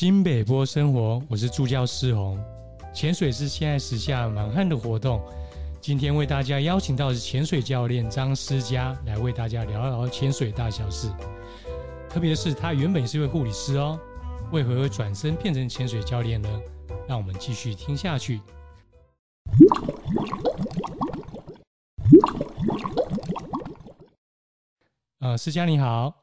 金北波生活，我是助教師紅，潛水是現在時下蠻夯的活動，今天為大家邀請到的潛水教練張師嘉來為大家聊一聊潛水大小事。特別是他原本是一位護理師哦，為何會轉身變成潛水教練呢？讓我們繼續聽下去。啊、呃，師嘉你好。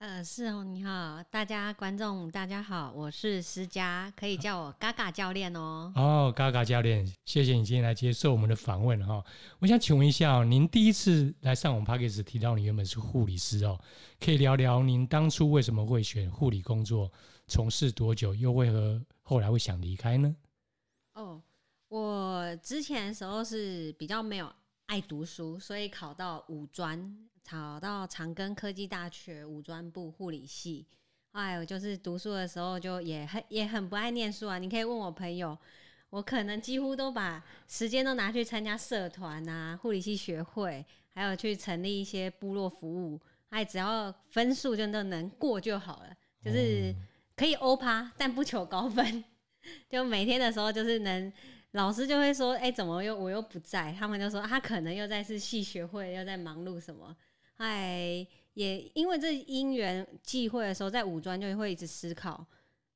呃，是哦，你好，大家觀眾，大家好，我是師嘉，可以叫我嘎嘎教練哦。哦，嘎嘎教練，謝謝你今天來接受我們的訪問哈、哦。我想請問一下，您第一次來上我們 Pockets，提到你原本是護理師哦，可以聊聊您當初為什麼會選護理工作，從事多久，又為何後來會想離開呢？哦，我之前的時候是比較沒有愛讀書，所以考到五專。考到長庚科技大學五專部護理系，哎，我就是讀書的時候就也很也很不愛念書啊。你可以問我朋友，我可能幾乎都把時間都拿去參加社團啊、護理系學會，還有去成立一些部落服務。哎，只要分數就都能過就好了，就是可以歐趴，但不求高分。就每天的時候，就是能，老師就會說，哎、欸，怎麼又我又不在？他們就說、啊、他可能又在是系學會，又在忙碌什麼。哎，也因為這因緣際會的時候，在五專就會一直思考，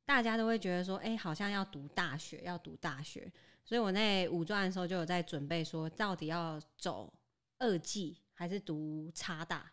大家都會覺得說，哎、欸，好像要讀大學，要讀大學。所以我那五專的時候就有在準備說，說到底要走二技還是讀插大。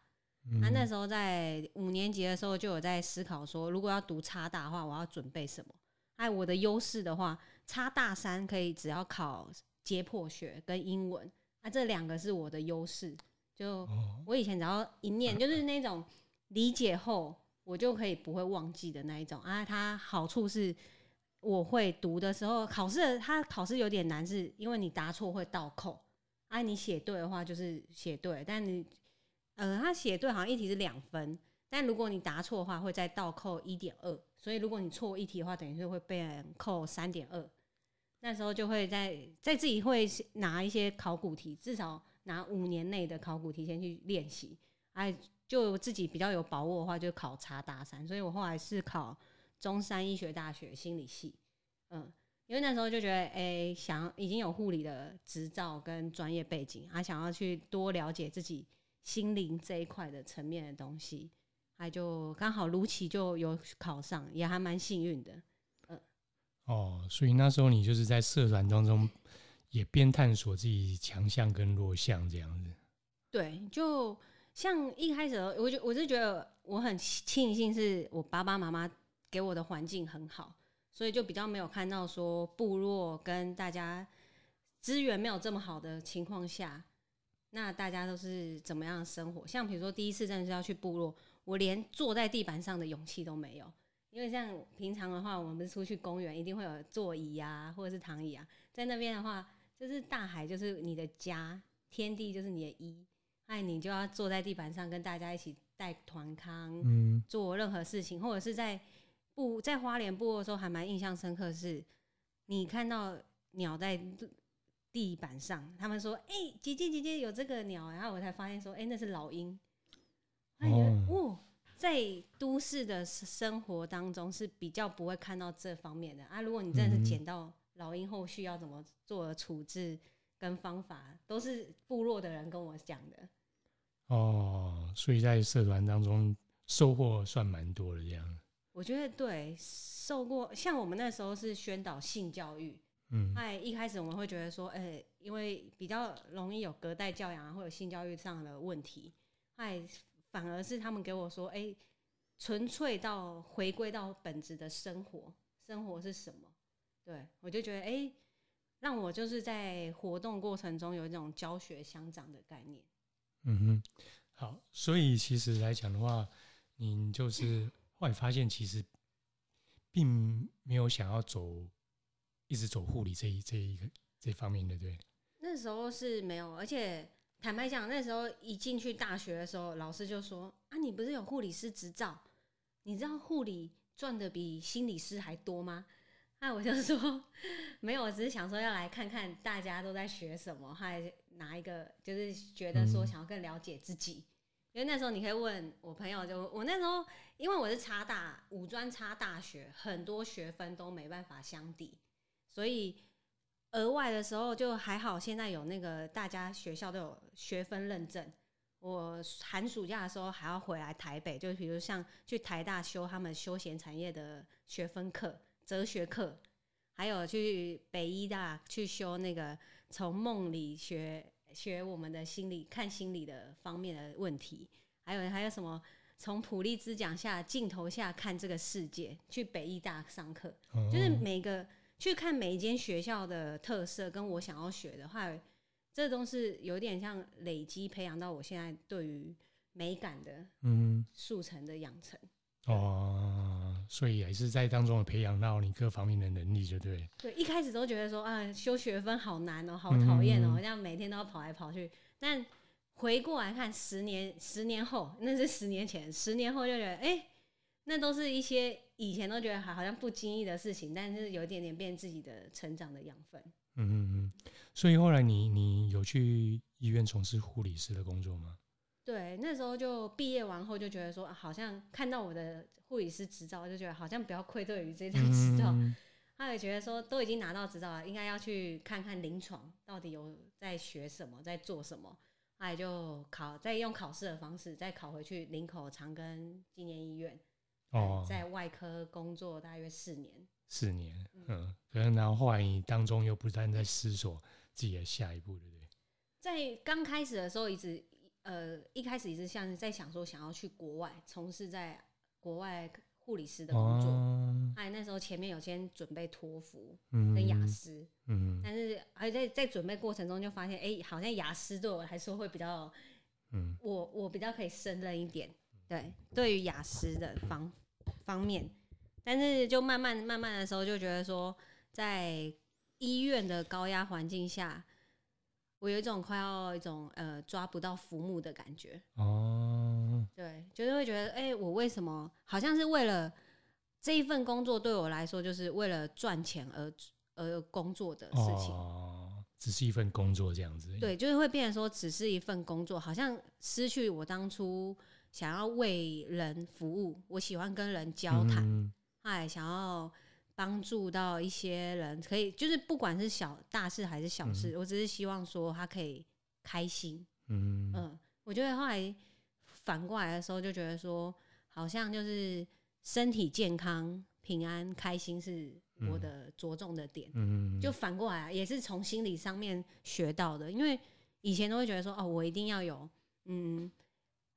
那、嗯啊、那時候在五年級的時候就有在思考說，說如果要讀插大的話，我要準備什麼？哎、啊，我的優勢的話，插大三可以只要考解剖學跟英文，那、啊、這兩個是我的優勢。就我以前只要一念，就是那種理解後我就可以不會忘記的那一種啊。它好處是，我會讀的時候考試，它考試有點難，是因為你答錯會倒扣啊。你寫對的話就是寫對，但你呃，他寫對好像一題是兩分，但如果你答錯的話會再倒扣一點二，所以如果你錯一題的話，等於是會被人扣三點二。那時候就會在在自己會拿一些考古題，至少。拿五年內的考古提，前去練習，哎、啊，就自己比較有把握的話，就考察大三，所以我後來是考中山醫學大學心理系，嗯，因為那時候就覺得，哎、欸，想已經有護理的執照跟專業背景，還、啊、想要去多了解自己心靈這一塊的層面的東西，還、啊、就剛好如期就有考上，也還蠻幸運的，嗯。哦，所以那時候你就是在社團當中。也邊探索自己強項跟弱項這樣子，對，就像一開始，我就我是覺得我很慶幸是我爸爸媽媽給我的環境很好，所以就比較沒有看到說部落跟大家資源沒有這麼好的情況下，那大家都是怎麼樣生活？像比如說第一次真的是要去部落，我連坐在地板上的勇氣都沒有，因為像平常的話，我們不是出去公園一定會有座椅啊，或者是躺椅啊，在那邊的話。就是大海，就是你的家；天地就是你的衣。哎，你就要坐在地板上，跟大家一起帶團康、嗯，做任何事情，或者是在不在花蓮部的時候，還蠻印象深刻的是，是你看到鳥在地板上，他們說：“哎、欸，姐姐姐姐有這個鳥、欸。”然後我才發現說：“哎、欸，那是老鷹。哦”哦，在都市的生活當中是比較不會看到這方面的啊。如果你真的是撿到、嗯。老鷹後續要怎麼做的處置跟方法，都是部落的人跟我講的。哦，所以在社團當中收穫算蠻多的這樣。我覺得對，受過像我們那時候是宣導性教育，嗯，哎一開始我們會覺得說，哎，因為比較容易有隔代教養啊，或者性教育上的問題，哎，反而是他們給我說，哎，純粹到回歸到本質的生活，生活是什麼？對，我就覺得哎、欸，讓我就是在活動過程中有一種教學相長的概念。嗯哼，好，所以其實來講的話，你就是後來發現其實並沒有想要走，一直走護理這一這一個這一方面的，對。那時候是沒有，而且坦白講，那時候一進去大學的時候，老師就說啊，你不是有護理師執照？你知道護理賺的比心理師還多嗎？那、啊、我就說，沒有，我只是想說要來看看大家都在學什麼，還拿一個，就是覺得說想要更了解自己。嗯、因為那時候你可以問我朋友就，就我那時候，因為我是插大，五專插大學，很多學分都沒辦法相抵，所以額外的時候就還好。現在有那個大家學校都有學分認證，我寒暑假的時候還要回來台北，就比如像去台大修他們休閒產業的學分課。哲學課，還有去北藝大去修那個從夢裡學學我們的心理、看心理的方面的問題，還有還有什麼從普利茲獎，下鏡頭下看這個世界，去北藝大上課。哦，就是每個去看每一間學校的特色，跟我想要學的話，這都是有點像累積培養到我現在對於美感的嗯速成的養成哦。所以還是在當中有培養到你各方面的能力，對不對？對，一開始都覺得說啊，修學分好難哦，好討厭哦，嗯哼嗯哼，這樣每天都要跑來跑去。但回過來看，十年十年後，那是十年前，十年後就覺得，哎、欸，那都是一些以前都覺得還好像不經意的事情，但是有一點點變自己的成長的養分。嗯嗯嗯。所以後來你，你你有去醫院從事護理師的工作嗎？對，那時候就畢業完後就覺得說，啊、好像看到我的護理師執照，就覺得好像比較愧對於這張執照，嗯。他也覺得說，都已經拿到執照了，應該要去看看臨床到底有在學什麼，在做什麼。他也就考，再用考試的方式再考回去林口長庚紀念醫院。哦、嗯，在外科工作大約四年。四年，嗯，嗯可能然後後來你當中又不斷在思索自己的下一步，對不對？在剛開始的時候一直。呃，一開始也是像在想說，想要去國外從事在國外護理師的工作。哎、啊，那時候前面有先準備托福跟雅思，嗯，嗯，但是還在在準備過程中就發現，哎、欸，好像雅思對我來說會比較，嗯，我我比較可以勝任一點，對，對於雅思的方方面，但是就慢慢慢慢的時候就覺得說，在醫院的高壓環境下。我有一種快要一種呃抓不到浮木的感覺哦，對，就是會覺得哎、欸，我為什麼好像是為了這一份工作對我來說，就是為了賺錢而而工作的事情哦，只是一份工作這樣子，對，就是會變成說只是一份工作，好像失去我當初想要為人服務，我喜歡跟人交談、嗯，哎，想要。幫助到一些人，可以就是不管是小大事還是小事，嗯、我只是希望說他可以開心。嗯、呃、我覺得後來反過來的時候，就覺得說好像就是身體健康、平安、開心是我的着重的點。嗯，就反過來也是從心理上面學到的，因為以前都會覺得說哦，我一定要有嗯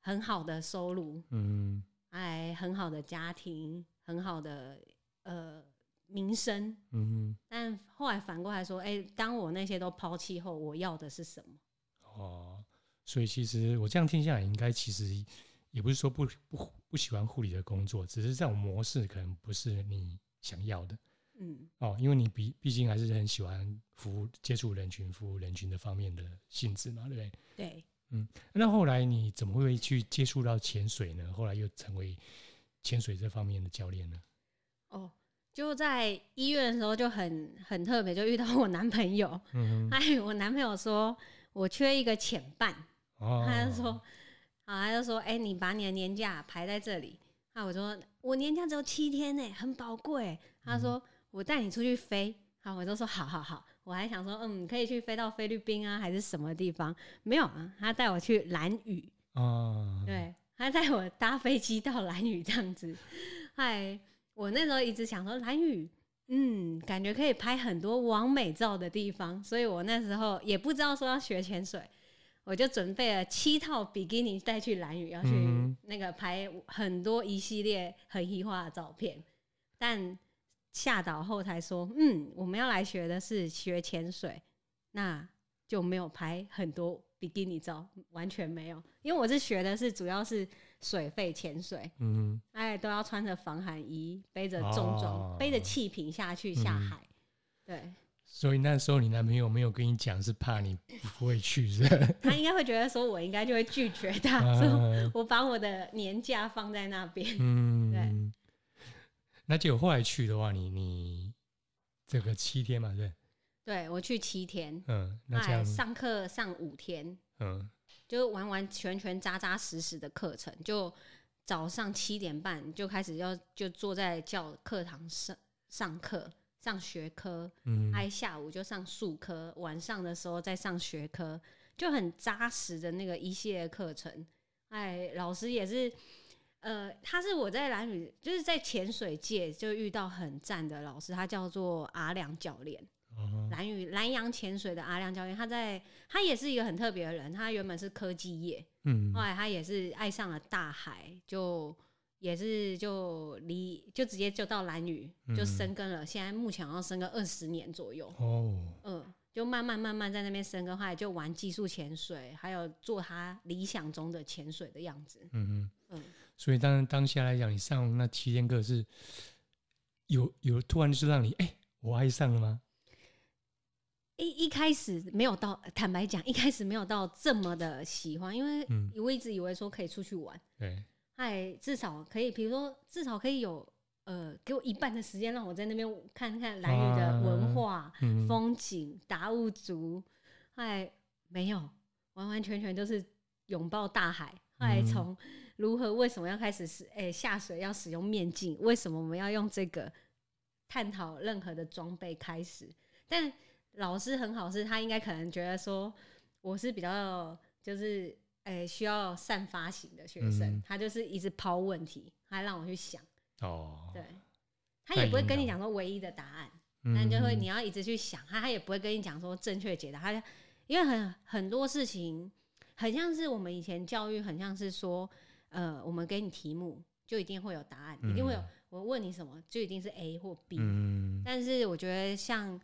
很好的收入，嗯，還有很好的家庭，很好的呃。名聲，嗯，但後來反過來說，哎，當我那些都拋棄後，我要的是什麼？哦，所以其實我這樣聽下來，應該其實也不是說不不不喜歡護理的工作，只是這種模式可能不是你想要的，嗯，哦，因為你畢畢竟還是很喜歡服務、接觸人群、服務人群這方面的性質嘛，對不對？對，嗯，那後來你怎麼會去接觸到潛水呢？後來又成為潛水這方面的教練呢？哦。就在醫院的時候就很很特別，就遇到我男朋友。嗯、哎，我男朋友說我缺一個潛伴、啊。他就說，好、啊，他就說，哎、欸，你把你的年假排在這裡。啊，我說我年假只有七天呢，很寶貴、嗯。他說我帶你出去飛。好、啊，我就說好好好。我還想說，嗯，可以去飛到菲律賓啊，還是什麼地方？沒有啊，他帶我去蘭嶼、啊，對，他帶我搭飛機到蘭嶼這樣子。嗨、哎。我那時候一直想說蘭嶼，嗯，感覺可以拍很多完美照的地方，所以我那時候也不知道說要學潛水，我就準備了七套比基尼帶去蘭嶼，要去那個拍很多一系列很異化的照片。但下島後才說，嗯，我們要來學的是學潛水，那就沒有拍很多比基尼照，完全沒有，因為我是學的是主要是。水肺潛水，嗯，哎，都要穿着防寒衣，背着重裝，哦，背着氣瓶下去，嗯、下海，對。所以那時候你男朋友沒有跟你講，是怕你不會去是不是，是 他應該會覺得，說我應該就會拒絕他，嗯、說我把我的年假放在那邊，嗯，對。那結果後來去的話你，你你這個七天嘛是是，對。對我去七天，那哎，上課上五天，嗯，就完完全全扎扎實實的課程，就早上七點半就開始要就坐在教課堂上上課上學科、嗯，哎，下午就上術科，晚上的時候再上學科，就很扎實的那個一系列課程。哎，老師也是，呃，他是我在藍宇，就是在潛水界就遇到很贊的老師，他叫做阿良教練。藍、uh-huh.，藍洋潛水的阿亮教練，他在他也是一個很特別的人，他原本是科技業，嗯，後來他也是愛上了大海，就也是就離就直接就到蘭嶼，嗯，就生根了，現在目前好像生根二十年左右哦，oh. 嗯，就慢慢慢慢在那邊生根，後來就玩技術潛水，還有做他理想中的潛水的樣子，嗯嗯嗯，所以當當當下來講，你上那七天課是有有突然就是讓你哎，欸，我愛上了嗎？一一開始沒有到，坦白講，一開始沒有到這麼的喜歡，因為我一直以為說可以出去玩，嗯、對，還至少可以，比如說至少可以有，呃，給我一半的時間讓我在那邊看看蘭嶼的文化、啊嗯、風景、達悟族，還沒有，完完全全都是擁抱大海。還、嗯、從如何為什麼要開始使，哎、欸，下水要使用面鏡，為什麼我們要用這個探討任何的裝備開始，但。老師很好是，是他應該可能覺得說我是比較就是誒、欸、需要散發型的學生，嗯、他就是一直拋問題，他讓我去想。哦，對，他也不會跟你講說唯一的答案，但就會你要一直去想，他、嗯、他也不會跟你講說正確解答。他因為很很多事情很像是我們以前教育，很像是說呃我們給你題目就一定會有答案，嗯、一定會有，我問你什麼就一定是 A 或 B，嗯。但是我覺得像。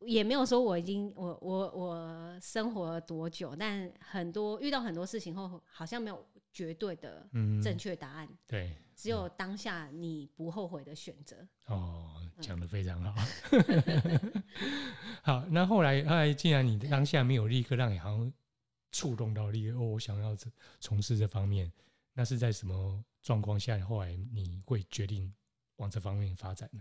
也沒有說我已經我我我生活了多久，但很多遇到很多事情後，好像沒有絕對的正確答案。嗯、對、嗯，只有當下你不後悔的選擇。哦，講得非常好。嗯、 好，那後來後來，既然你當下沒有立刻讓你好像觸動到立刻，立刻哦，我想要從事這方面，那是在什麼狀況下後來你會決定往這方面發展呢？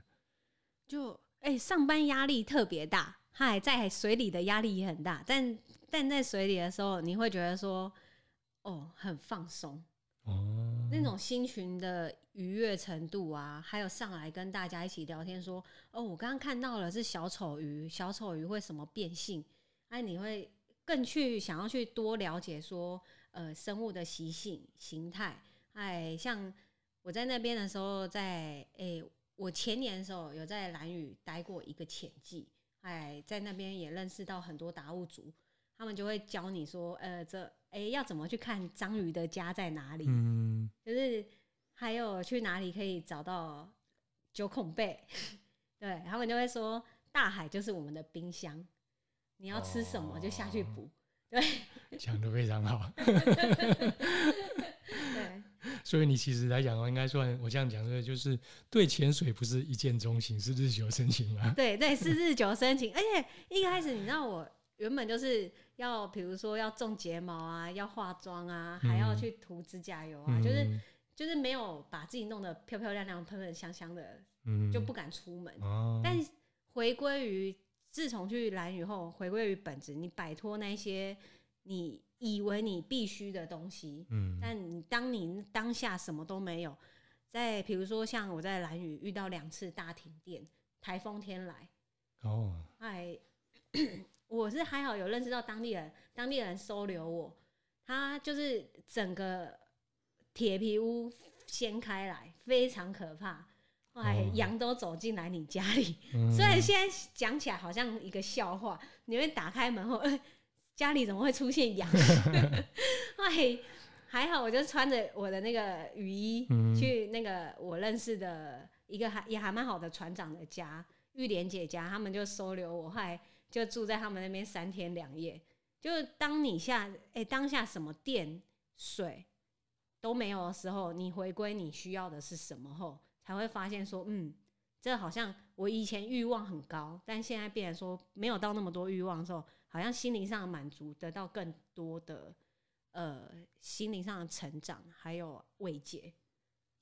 就。哎、欸，上班壓力特別大，嗨，在水裡的壓力也很大，但但在水裡的時候，你會覺得說，哦，很放鬆、嗯、那種心情的愉悅程度啊，還有上來跟大家一起聊天說，哦，我剛剛看到了是小丑魚，小丑魚會什麼變性？哎、啊，你會更去想要去多了解說，呃，生物的習性、形態，哎，像我在那邊的時候在，在、欸、哎。我前年的時候有在蘭嶼待過一個潛季，哎，在那邊也認識到很多達悟族，他們就會教你說，呃，這哎、欸、要怎麼去看章魚的家在哪裡，嗯、就是還有去哪裡可以找到九孔貝，對，他們就會說大海就是我們的冰箱，你要吃什麼就下去捕，哦、對，講得非常好。 所以你其實來講的話，應該算我這樣講，就是對潛水不是一見鍾情，是日久生情啊。對對，是日久生情， 而且一開始你知道我原本就是要，比如說要種睫毛啊，要化妝啊，還要去塗指甲油啊，嗯、就是就是沒有把自己弄得漂漂亮亮、噴噴香香的，嗯，就不敢出門。嗯、但回歸於自從去蘭嶼後，回歸於本質，你擺脫那一些你以為你必須的東西，嗯、但當你當下什麼都沒有，在比如說像我在蘭嶼遇到兩次大停電，台風天來，哦、oh.，哎我是還好有認識到當地人，當地人收留我，他就是整個鐵皮屋掀開來，非常可怕，哎羊、oh. 都走進來你家裡，嗯、雖然現在講起來好像一個笑話，你會打開門後。家裡怎麼會出現羊？後 還好，我就穿着我的那個雨衣去那個我認識的一個還也還蠻好的船長的家，玉蓮姐家，他們就收留我，後來就住在他們那邊三天兩夜。就是當你下哎、欸、當下什麼電、水都沒有的時候，你回歸你需要的是什麼後，才會發現說，嗯，這好像我以前欲望很高，但現在變成說沒有到那麼多欲望的時候。好像心靈上的滿足，得到更多的呃心靈上的成長，還有慰藉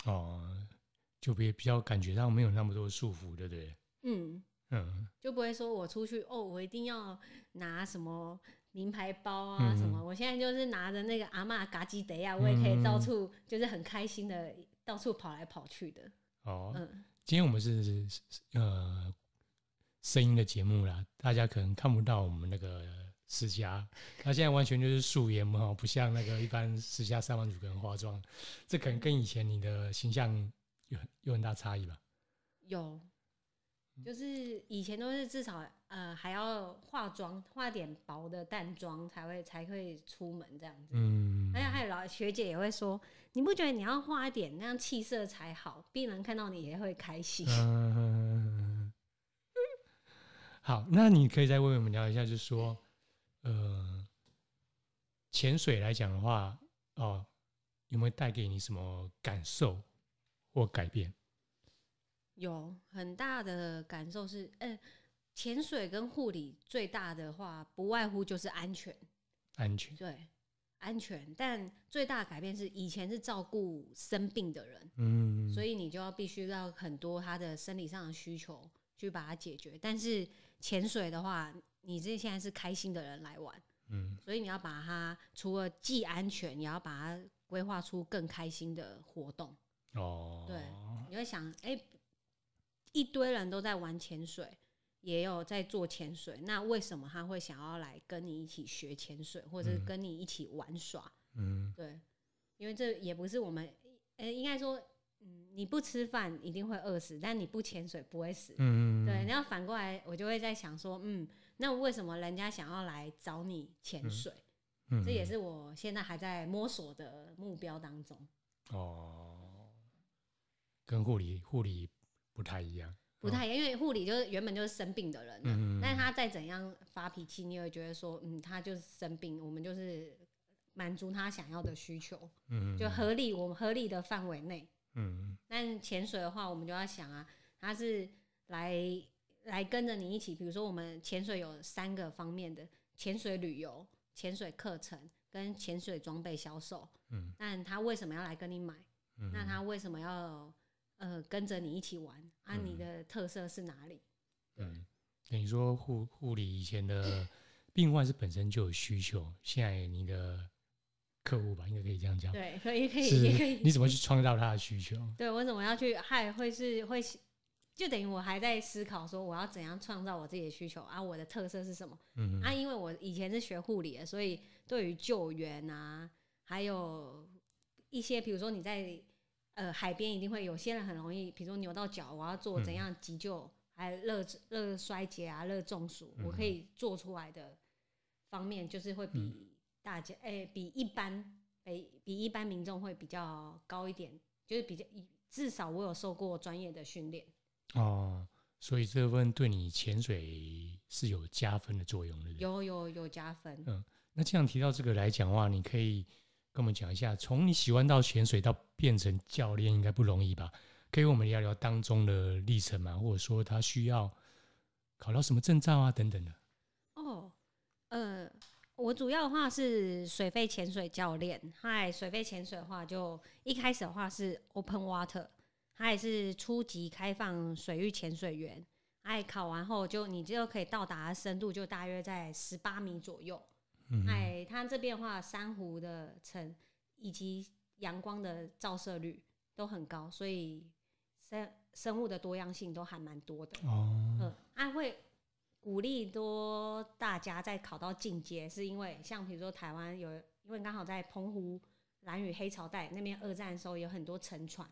哦，就比比較感覺上沒有那麼多束縛，對不對？嗯嗯，就不會說我出去哦，我一定要拿什麼名牌包啊什麼？嗯、我現在就是拿着那個阿媽嘎基袋呀，我也可以到處就是很開心的到處跑來跑去的哦。嗯，今天我們是呃。聲音的節目啦，大家可能看不到我們那個師嘉。他、 啊、現在完全就是素顏嘛，不像那個一般師嘉三萬主跟化妝，這可能跟以前你的形象有很有很大差異吧？有，就是以前都是至少呃還要化妝，化點薄的淡妝才會才會出門這樣子。嗯，而且還有老學姐也會說，你不覺得你要化一點那樣氣色才好，病人看到你也會開心。嗯。 好，那你可以再為我們聊一下，就是說，呃，潛水來講的話，哦，有沒有帶給你什麼感受或改變？有很大的感受是，哎、欸，潛水跟護理最大的話，不外乎就是安全。安全。對，安全。但最大的改變是，以前是照顧生病的人，嗯，所以你就要必須要很多他的生理上的需求。去把它解決，但是潛水的話，你這現在是開心的人來玩，嗯，所以你要把它除了既安全，也要把它規劃出更開心的活動。哦，對，你會想，哎、欸，一堆人都在玩潛水，也有在做潛水，那為什麼他會想要來跟你一起學潛水，或者是跟你一起玩耍？嗯，對，因為這也不是我們，呃、欸，應該說。你不吃飯一定會餓死，但你不潛水不會死。嗯，對，然後反過來，我就會在想說，嗯，那為什麼人家想要來找你潛水？嗯嗯，這也是我現在還在摸索的目標當中。哦，跟護理護理不太一樣，不太一樣，哦。因為護理就是原本就是生病的人啊，嗯，但他再怎樣發脾氣，你也會覺得說，嗯，他就是生病，我們就是滿足他想要的需求，嗯，就合理，我們合理的範圍內。嗯，那潛水的話，我們就要想啊，他是來來跟着你一起，比如說我們潛水有三個方面的潛水旅遊、潛水課程跟潛水裝備銷售。嗯，那他為什麼要來跟你買？嗯，那他為什麼要呃跟着你一起玩？啊，你的特色是哪裡？嗯，對，等於說護護理以前的病患是本身就有需求， 現在你的。客戶吧，應該可以這樣講。對，可以，可以，可以。你怎麼去創造他的需求？對，我怎麼要去？還會是會，就等於我還在思考說，我要怎樣創造我自己的需求啊？我的特色是什麼？嗯，啊，因為我以前是學護理的，所以對於救援啊，還有一些，比如說你在呃海邊，一定會有些人很容易，比如說扭到腳，我要做怎樣急救？嗯、還有熱熱衰竭啊，熱中暑、嗯，我可以做出來的方面，就是會比。嗯大家哎、欸，比一般哎、欸，比一般民眾會比較高一點，就是比較至少我有受過專業的訓練哦，所以這份對你潛水是有加分的作用的，有有有加分。嗯，那這樣提到這個來講的話，你可以跟我們講一下，從你喜歡到潛水到變成教練，應該不容易吧？可以跟我們聊聊當中的歷程嗎？或者說他需要考到什麼證照啊等等的。我主要的話是水肺潛水教練，嗨，水肺潛水的話，就一開始的話是 open water，它也是初級開放水域潛水員，哎，考完後就你就可以到達深度就大約在十八米左右，哎、嗯，它這邊的話珊瑚的層以及陽光的照射率都很高，所以生生物的多樣性都還蠻多的，哦、嗯，啊會。鼓勵多大家再考到進階，是因為像比如說台灣有，因為剛好在澎湖蘭嶼黑潮帶那邊，二戰的時候有很多沉船，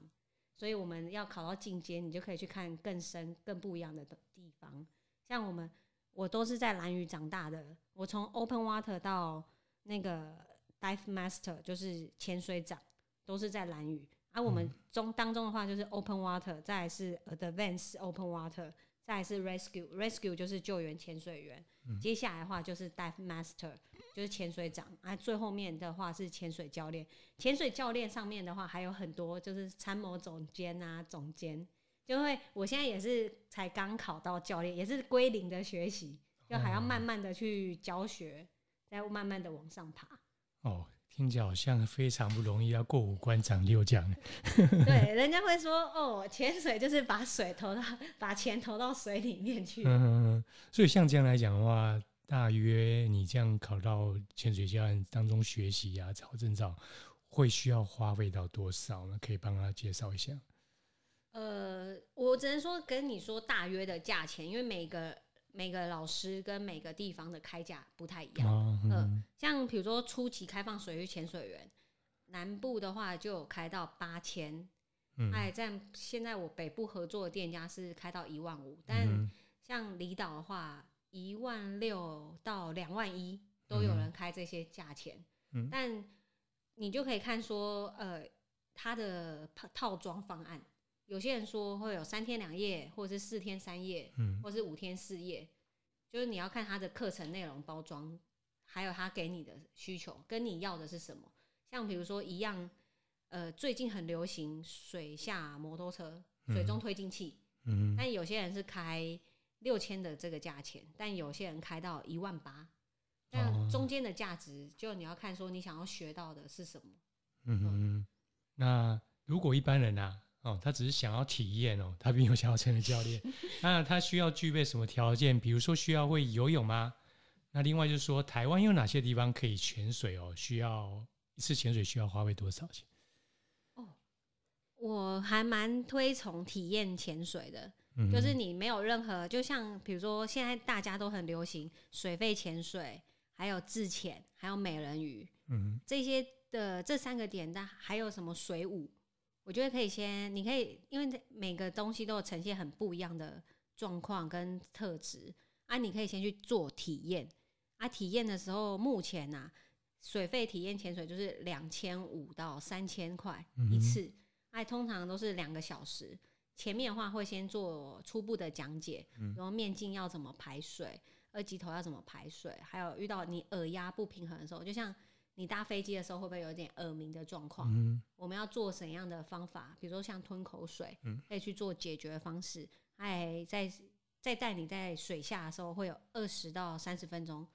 所以我們要考到進階，你就可以去看更深、更不一樣的地方。像我們，我都是在蘭嶼長大的，我從 open water 到那個 dive master，就是潛水長，都是在蘭嶼。而、啊、我們中當中的話，就是 open water，再來是 advanced open water。再是 rescue，rescue Rescue 就是救援潛水員。嗯、接下來的話就是 Dive Master，就是潛水長。啊，最後面的話是潛水教練。潛水教練上面的話還有很多，就是參謀總監啊，總監。就會。我現在也是才剛考到教練，也是歸零的學習，哦、就還要慢慢的去教學，再慢慢的往上爬。哦。聽起來好像非常不容易，要過五關斬六將 對，人家會說哦，潛水就是把水投到，把錢投到水裡面去。嗯，哼哼，所以像這樣來講的話，大約你這樣考到潛水教練當中學習呀、啊，找證照會需要花費到多少呢？可以幫他介紹一下。呃，我只能說跟你說大約的價錢，因為每個。每個老師跟每個地方的開價不太一樣，哦、嗯，呃、像比如說初期開放水域潛水員，南部的話就有開到八千、嗯，哎，在現在我北部合作的店家是開到一萬五，但像離島的話，嗯、一萬六到兩萬一都有人開這些價錢、嗯，但你就可以看說，呃，他的套套裝方案。有些人說會有三天兩夜，或者是四天三夜，嗯、或是五天四夜，就是你要看他的課程內容包裝，還有他給你的需求，跟你要的是什麼。像比如說一樣，呃，最近很流行水下摩托車、嗯、水中推進器，嗯，但有些人是開六千的這個價錢，但有些人開到一萬八，那中間的價值，就你要看說你想要學到的是什麼。嗯哼、嗯嗯，那如果一般人呢、啊哦，他只是想要體驗哦，他並沒有想要成為教練。 那他需要具備什麼條件？比如說需要會游泳嗎？那另外就是說，台灣有哪些地方可以潛水哦？需要一次潛水需要花費多少錢？哦，我還蠻推崇體驗潛水的。嗯，就是你沒有任何，就像比如說現在大家都很流行水肺潛水，還有自潛，還有美人魚，嗯哼，這些的這三個點，但還有什麼水舞？我覺得可以先，你可以，因為每個東西都有呈現很不一樣的狀況跟特質啊，你可以先去做體驗啊。體驗的時候，目前吶、啊，水費體驗潛水就是兩千五到三千塊一次，哎、嗯啊，通常都是兩個小時。前面的話會先做初步的講解，然後面鏡要怎麼排水、嗯，二級頭要怎麼排水，還有遇到你耳壓不平衡的時候，就像。你搭飛機的時候會不會有一點耳鳴的狀況？我們要做什麼樣的方法？比如說像吞口水，可以去做解決的方式。哎，在在帶你在水下的時候，會有二十到三十分鐘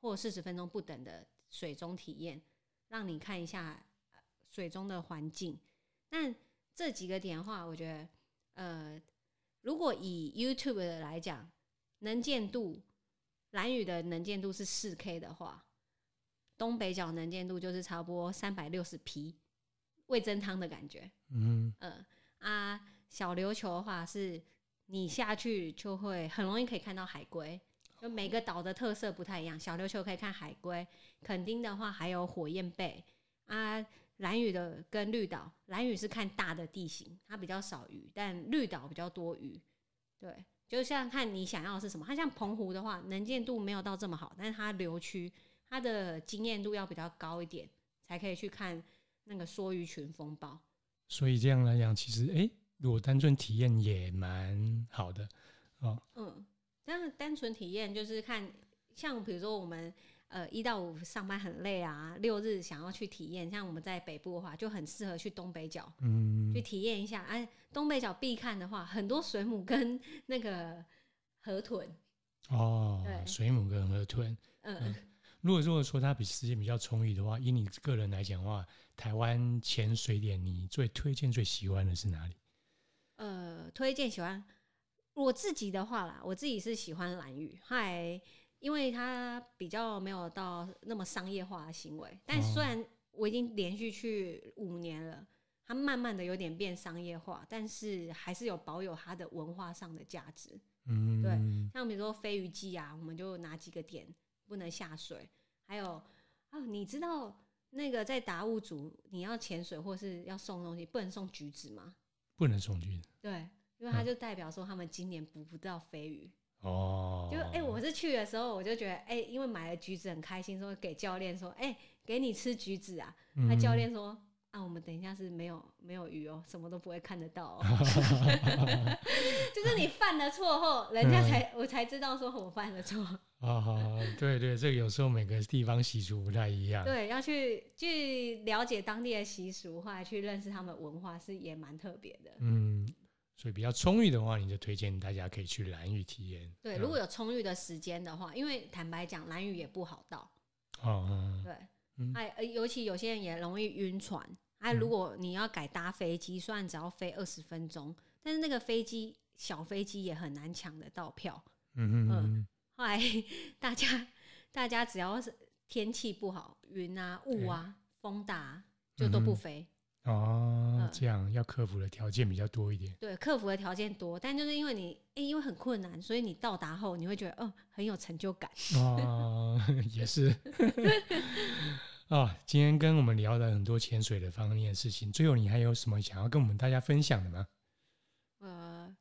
或四十分鐘不等的水中體驗，讓你看一下水中的環境。那這幾個點的話，我覺得，呃，如果以 YouTube 的來講，能見度蘭嶼的能見度是四 K 的話。東北角能見度就是差不多三百六十皮，味噌湯的感覺。嗯嗯、呃，嗯啊，小琉球的話是你下去就會很容易可以看到海龜，就每個島的特色不太一樣。小琉球可以看海龜，墾丁的話還有火焰貝啊，蘭嶼的跟綠島，蘭嶼是看大的地形，它比較少魚，但綠島比較多魚。對，就像看你想要的是什麼，它像澎湖的話，能見度沒有到這麼好，但是它流區。他的經驗度要比較高一點，才可以去看那個梭魚群風暴。所以這樣來講，其實哎、欸，如果單純體驗也蠻好的哦。嗯，那單純體驗就是看，像比如說我們呃一到五上班很累啊，六日想要去體驗，像我們在北部的話，就很適合去東北角，嗯，去體驗一下。哎、啊，東北角必看的話，很多水母跟那個河豚哦，對，水母跟河豚，嗯。嗯如果如果說他比時間比較充裕的話，以你個人來講的話，台灣潛水點你最推薦、最喜歡的是哪裡？呃，推薦喜歡我自己的話啦，我自己是喜歡蘭嶼，嗨，因為它比較沒有到那麼商業化的行為。但雖然我已經連續去五年了，哦，它慢慢的有點變商業化，但是還是有保有它的文化上的價值。嗯，對，像比如說飛魚季啊，我們就拿幾個點。不能下水，還有啊、哦，你知道那個在達悟族，你要潛水或是要送東西，不能送橘子嗎？不能送橘子。對，因為他就代表說他們今年捕不到飛魚哦。就哎、欸，我是去的時候，我就覺得哎、欸，因為買了橘子很開心，說給教練說哎、欸，給你吃橘子啊。嗯、他教練說啊，我們等一下是沒有沒有魚哦、喔，什麼都不會看得到哦、喔。 就是你犯了錯後，人家才、嗯、我才知道說我犯了錯。啊、 哦，好，哦，對對，這個有時候每個地方習俗不太一樣。 對，要去去了解當地的習俗，或者去認識他們文化，是也蠻特別的嗯。嗯，所以比較充裕的話，你就推薦大家可以去蘭嶼體驗。對，哦，如果有充裕的時間的話，因為坦白講，蘭嶼也不好到。哦，嗯，對，哎，啊，嗯嗯尤其有些人也容易暈船。哎，啊，如果你要改搭飛機，嗯嗯雖然只要飛二十分鐘，但是那個飛機小飛機也很難搶得到票。嗯嗯，嗯。嗯嗯後來大家，大家只要是天氣不好，雲啊、霧啊、風大，就都不飛。嗯、哦、嗯，這樣要克服的條件比較多一點。對，克服的條件多，但就是因為你、欸，因為很困難，所以你到達後，你會覺得，哦、呃，很有成就感。哦。也是。 哦，今天跟我們聊了很多潛水的方面的事情，最後你還有什麼想要跟我們大家分享的嗎？呃，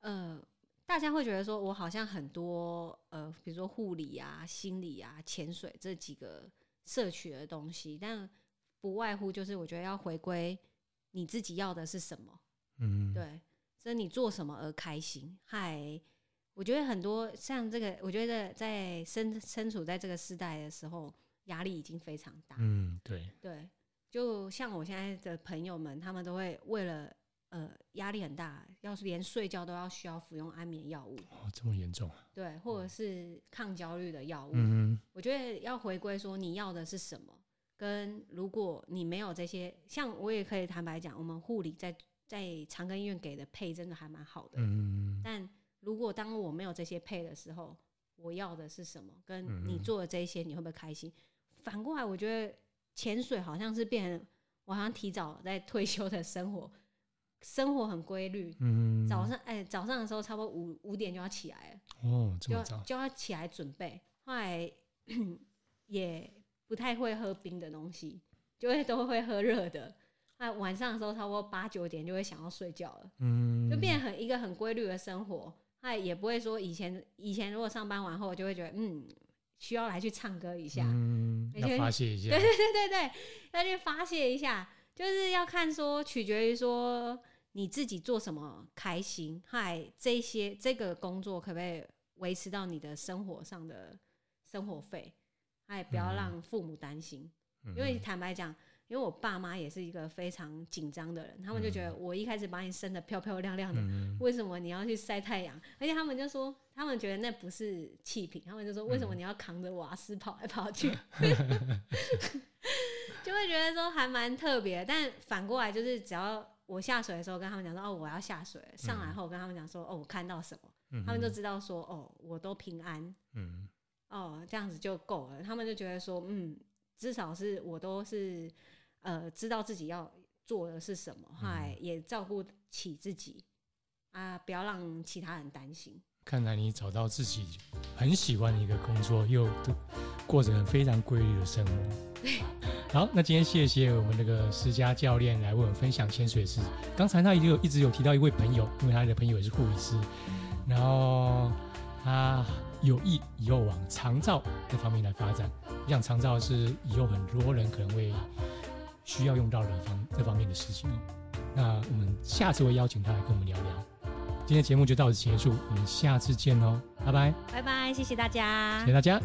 呃。大家會覺得說，我好像很多，呃，比如說護理啊、心理啊、潛水這幾個攝取的東西，但不外乎就是我覺得要回歸你自己要的是什麼，嗯，對，所以你做什麼而開心？嗨、嗯、我覺得很多像這個，我覺得在身身處在這個時代的時候，壓力已經非常大，嗯，對，對，就像我現在的朋友們，他們都會為了。呃，壓力很大，要是連睡覺都要需要服用安眠藥物，哦，這麼嚴重啊？對，或者是抗焦慮的藥物。嗯，我覺得要回歸說，你要的是什麼？跟如果你沒有這些，像我也可以坦白講，我們護理在在長庚醫院給的配真的還蠻好的。嗯，但如果當我沒有這些配的時候，我要的是什麼？跟你做的這些，你會不會開心？嗯，反過來，我覺得潛水好像是變成我好像提早在退休的生活。生活很規律、嗯，早上哎、欸，早上的時候差不多五五點就要起來了哦，這麼早？就就要起來準備。後來也不太會喝冰的東西，就會都會喝熱的。哎，晚上的時候差不多八九點就會想要睡覺了，嗯，就變成很一個很規律的生活。哎，也不會說以前以前如果上班完後就會覺得嗯需要來去唱歌一下，嗯，每天要發洩一下，對對對對對，要去發洩一下，就是要看說取決於說。你自己做什麼開心？嗨，這些這個工作可不可以維持到你的生活上的生活費？哎，不要讓父母擔心，嗯嗯，因為坦白講，因為我爸媽也是一個非常緊張的人，他們就覺得我一開始把你生得漂漂亮亮的，嗯嗯，為什麼你要去曬太陽？嗯嗯，而且他們就說，他們覺得那不是氣品，他們就說為什麼你要扛着瓦斯跑來跑去？嗯、 就會覺得說還蠻特別，但反過來就是只要。我下水的時候跟他們講說哦，我要下水。上來後跟他們講說、嗯、哦，我看到什麼，嗯、他們就知道說哦，我都平安。嗯，哦，這樣子就夠了。他們就覺得說嗯，至少是我都是呃，知道自己要做的是什麼，嗨、嗯，也照顧起自己啊，不要讓其他人擔心。看來你找到自己很喜歡的一個工作，又過着非常規律的生活。 好，那今天謝謝我們這個師嘉教練來為我們分享潛水師。剛才他也有一直有提到一位朋友，因為他的朋友也是護理師，然後他有意以後往長照這方面來發展。我想長照是以後很多人可能會需要用到的方這方面的事情，那我們下次會邀請他來跟我們聊聊。今天節目就到此結束，我們下次見嘍，拜拜，拜拜，謝謝大家，謝謝大家。